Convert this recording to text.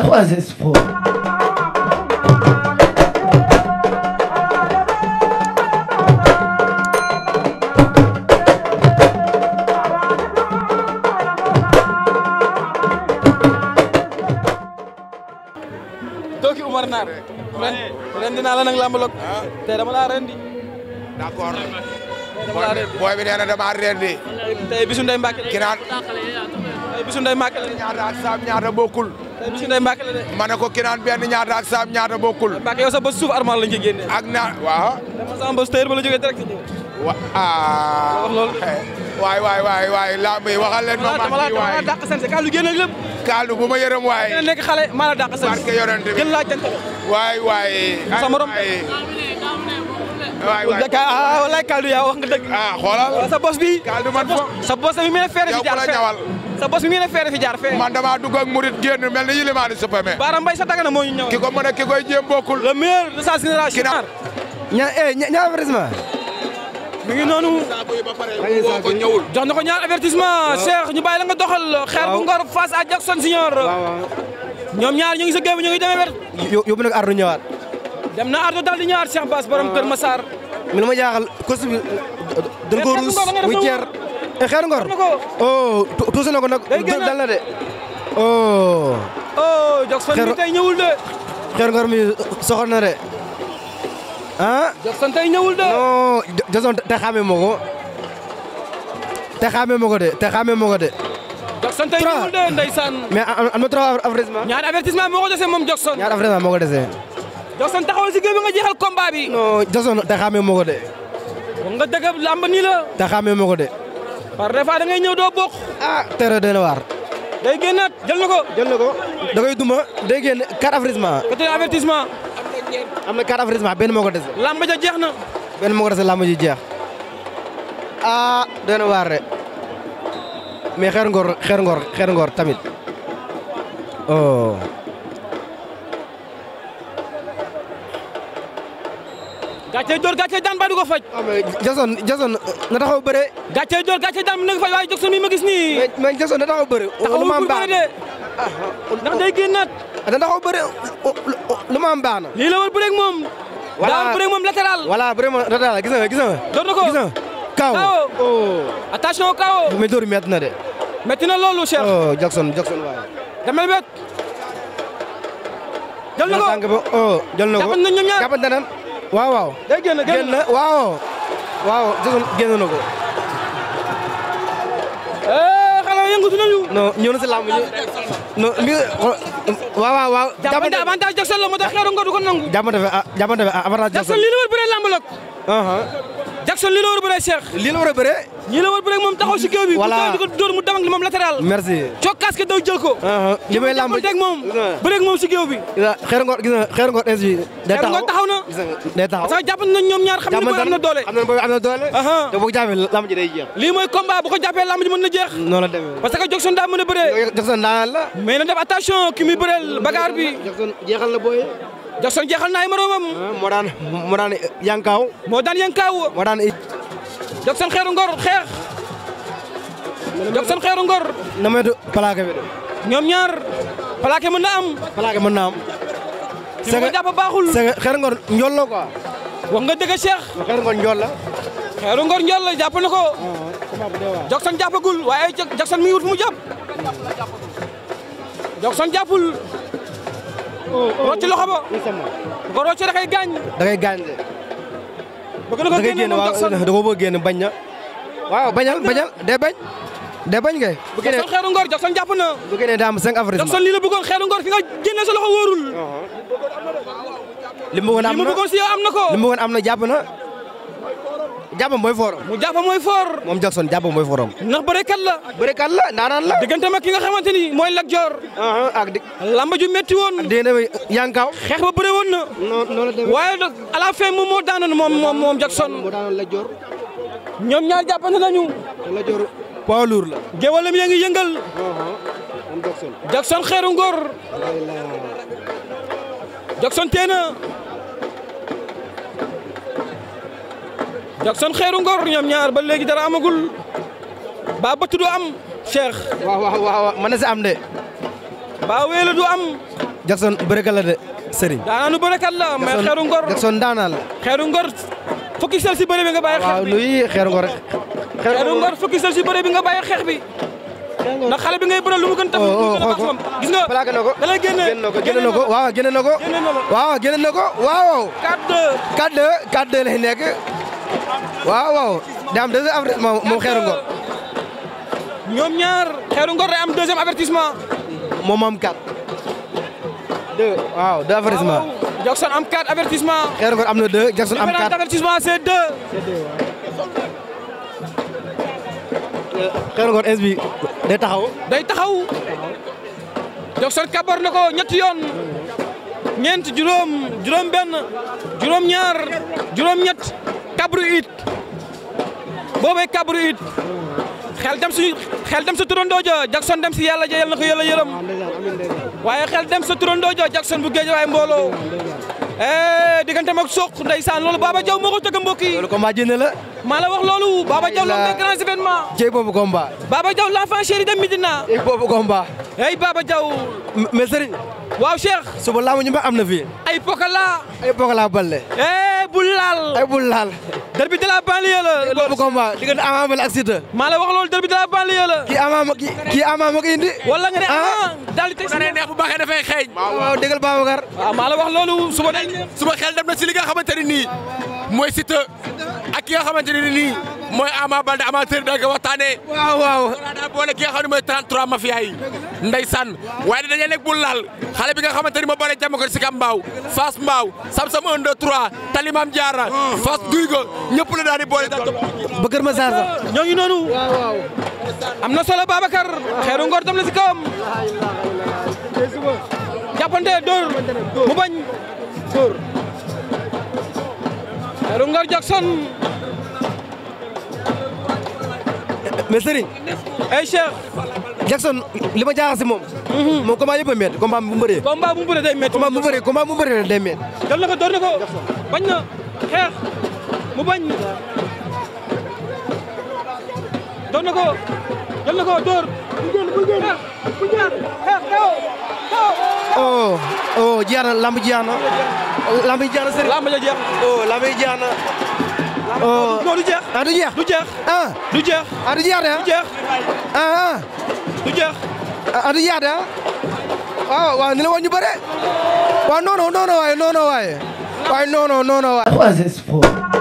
3S Pro. ren dinaa la nag làmbaloog ah. te dama laa rendi booy bi nee na dama rendi tey bisu ndey mbàkke ki la ñaata ak saam ñaata bisu Ndeye Mbacke ko ki naan benn ñaata ak saam ñaata bokkul. Mbacke yow sax ba suuf armal lañ ci génne. ak naa waa dama sama bës tëyër ba la jógee direct ñëw. wa ah. loolu waay waay yi waxal leen ma man kii waay dàq seen kaalu génne kaalu bu ma yërëm waay. dina la dàq seen barke yorante bi gën laa jant waay waay. ay waay kaalu ah, yaa wax nga dëgg. ah sa bos bi. kaalu man fo sa bos bi mu feere si jaar yow ñawal sa bos mi ne feere fi jaar fee man damaa dugg ak murit génn mel ni yilimaani supame Bara Mbaye sa Dagana moo ñu ki ko mën a ki koy jéem bokkul le meilleur de sa génération eh, ñaar avertissement mi ngi noonu jox na ko ñaar avertissement Cheikh ñu bàyyi la nga doxal xeer bu ngor face à Jackson Senior ñoom ñaar ñu ngi sa géew ñu ngi demee wet yóbbu nag ardu ñëwaat dem na ardu daal di ñëwaat Cheikh Bass borom Kër Massar mi la ma jaaxal kos bi dañ ko ruus muy Eh, xeeru ngor oh tuusi na ko nag dal na de oh oh Jackson mi tey ñëwul de xeeru ngor mi soxor na de ah Jackson tey ñëwul de non Jackson te xame ma ko te de te xame ma de Jackson tey ñëwul de ndeysaan mais am na trois avertissement ñaar avertissement moo ko si géew bi nga jeexal combat bi non Jackson de nga dëgg làmb nii la te xame ma de par des fois da ñëw doo bokk. ah tere dana waar. day génnaat jël na ko. jël na ko da koy duma day génn quatre avertissement. côté am na quatre avertissement benn moo ko dese. làmb jeex na. benn moo ko dese làmb ji jeex. ah dana waar de mais xeer ngor xeer ngor xeer ngor tamit oh. gàccey door gàccey daan ba du faj. Ah, Jason Jason na taxaw bëre. gàccey door gàccey daan na ko faj waaye Jackson mi gis nii. mais Jason na taxaw bëre. taxawul pour bëre de. Ah, ndax day génnaat. na taxaw bëre lu ma am baax na. lii la war bëreeg moom. voilà daa war bëreeg moom latéral. voilà door na ko gis nga Kaaw. Oh. attention Kaaw. mais door métti na de. métti na loolu Cheikh. oh Jackson Jackson waaye. damay wet. jël na ko jël waaw waaw. day génn génn na waaw. waaw génn na ko. Eh, xanaa yëngatu nañu. non ñëw na si làmb ñu. non mi waaw waaw waaw. jàppante avantage Jackson la moo tax xeeru ngor du ko nangu. jàppante ah jàppante ah avantage Jackson. Jackson lii la war bëree làmb la. Uh-huh. Jackson lii la war a bëree Cheikh. lii la war a bëree. lii la war a bëree moom taxaw si géew bi. mu taw di ko mu damag li moom latéral. merci. cokkaas ke daw jël ko. Uh-huh. li may lamb teg moom bëreeg moom bi. xeer ngoor gis nga taxaw xeer ngoor taxaw na. day ñoom ñaar xam ne booy am na doole. am na booy am na doole. te boo ko jàppee lii mooy combat bu ko jàppee lamb ji na jeex. noonu la que Jackson daa mën a bëree. Jackson daan la. mais na def attention ki muy bëreel bagaar bi. Jackson jeexal na ay moromam. Ah, moo daan moo daan yankaaw. moo daan yankaaw. moo daan. Jackson xeeru ngor xeex. Jackson xeeru ngor. na ma yëg ñoom ñaar plaqué mën na am. plaqué mën na baaxul c' est que xeeru ngor njool la quoi. wax nga dëgg Cheikh. xeeru ngor njool la. xeeru ngor njool la jàpp na ko. Ah, Jackson mi ngi wut mu jàpp. Jackson jàppul. rocc loxo ba. bu ko roccee da gaañ. da gaañ de. bëgg na ko génne moom sax da ko bëgg génne bañ na. waaw bañal bañal day bañ. day bañ kay. bu génnee Jackson xeeru ngor Jackson jàpp na. bu génnee daa am cinq avril. Jackson lii la bëggoon xeeru nga génne sa loxo wóorul. Uh-huh. am na li mu am na ko. li am na jàpp na. jàpp mooy fooram mu jàpp mooy foor moom Jackson jàpp mooy fooram ndax bërekat la bërekat la la diggante ma ki nga xamante ni mooy Lat Dior uh-huh, ak di lamba ju métti woon dé demee yankaaw xeex ba bëre woon na waaye à la fin moom moo daanoon moom moom moom Jackson moo daanoon Lat Dior ñoom ñaar jàppante nañu Lat Dior poids lourd la géwalam yaa ngi yëngal uh-huh, Jackson xeeru ngor Jackson teena Jackson xeeru ngor ñoom ñaar ba léegi dara amagul ba bëtt am Cheikh. waaw waaw mën na si am de. ba weelu du am. Jackson bërëkat la de Serigne. daanaa nu bërëkat la mais xeeru ngor Jackson daanaa xeeru ngor fukki sel si bëre bi nga bàyyi xeex bi waaw luy xeeru ngor si bëre bi nga bàyyi xeex bi. ndax xale bi ngay oh, oh, a tàmbali. Oh, gis nga. plaqué na ko da lay génne génne na ko waaw génne na ko. génne na ko waaw génne na ko waaw. 4-2 nekk. waaw waaw daa am deuxième avertissement moom Xeeru Ngor. Euh, ñoom ñaar Xeeru Ngor day am deuxième avertissement. moom am quatre. deux waaw deux avertissement. Jackson am quatre avertissement. Xeeru Ngor am na deux Jackson am quatre avertissement c'est deux. Xeeru euh, Ngor bi day taxaw. day taxaw. Jackson kabar na ko ñetti yoon. ñeent juróom juróom benn juróom ñaar juróom ñett. kabru it boobay kabru it xel dem si xel dem sa turandoo ja dem si yàlla ja yàlla na ko waaye xel dem sa turandoo ja Jackson bu géej waaye mbooloo eh, diggante mag soq ndeysaan loolu Baba Diaw moo ko tëgg mbokk yi. loolu combat jënd la. maa la wax loolu Baba Diaw loolu mooy grand événement. jéeg boobu combat. Baba boobu combat. hey Baba Diaw. mais Serigne. waaw Cheikh. suba laamu ma am na fii. ay Pokola. ay Pokola Baldé. Eh, bul laal ay bul laal derby de la banlieue la boobu combat diggante Ama Baldé ak Siteu maa la wax loolu derby de la banlieue la kii Ama ma kii Ama ma ko indi wala nga ne ah. Ama daal di teg ne ah, maa la wax loolu suba suma xel dem na si li nga xamante ne nii mooy Siteu ak ki nga xamante ne nii mooy Ama Baldé amateur da nga waxtaanee. waaw waaw daa boole ki nga xam ne mooy 33 mafia yi. ndeysaan waaye dañuy nekk bul laal xale bi ga xamante ni moo boole jàmm ko si Kam Mbaaw Fass Mbaaw Samsam 1 2 3 Talimam Diarra Fass Guy Go ñëpp la daal boole. ba Kër ñoo ngi noonu. am na solo Babacar xeeru ngor dem la si kawam. jàppante dóor mu bañ dóor. xeeru ngor Jackson. mais Serigne. ay Cheikh. Jackson li ma moom. Mhm. moom combat yëpp a métti combat bu bëree. combat bu bëree day métti. combat bu bëree combat ko door ko bañ na xeex mu bañ. door na ko dal ko door. oh oh jeex na lamb jeex na. lamb jeex na Serigne Euh, non du jeex. ah du jeex du jeex. ah du jeex. ah du jeex de ah, ah du jeex. ah du jeex. ah du jeex de ah. waaw waaw ni la woon ñu bëre. waaw non non non non waaye non non waaye. waaye non non non non waaye. 3S4.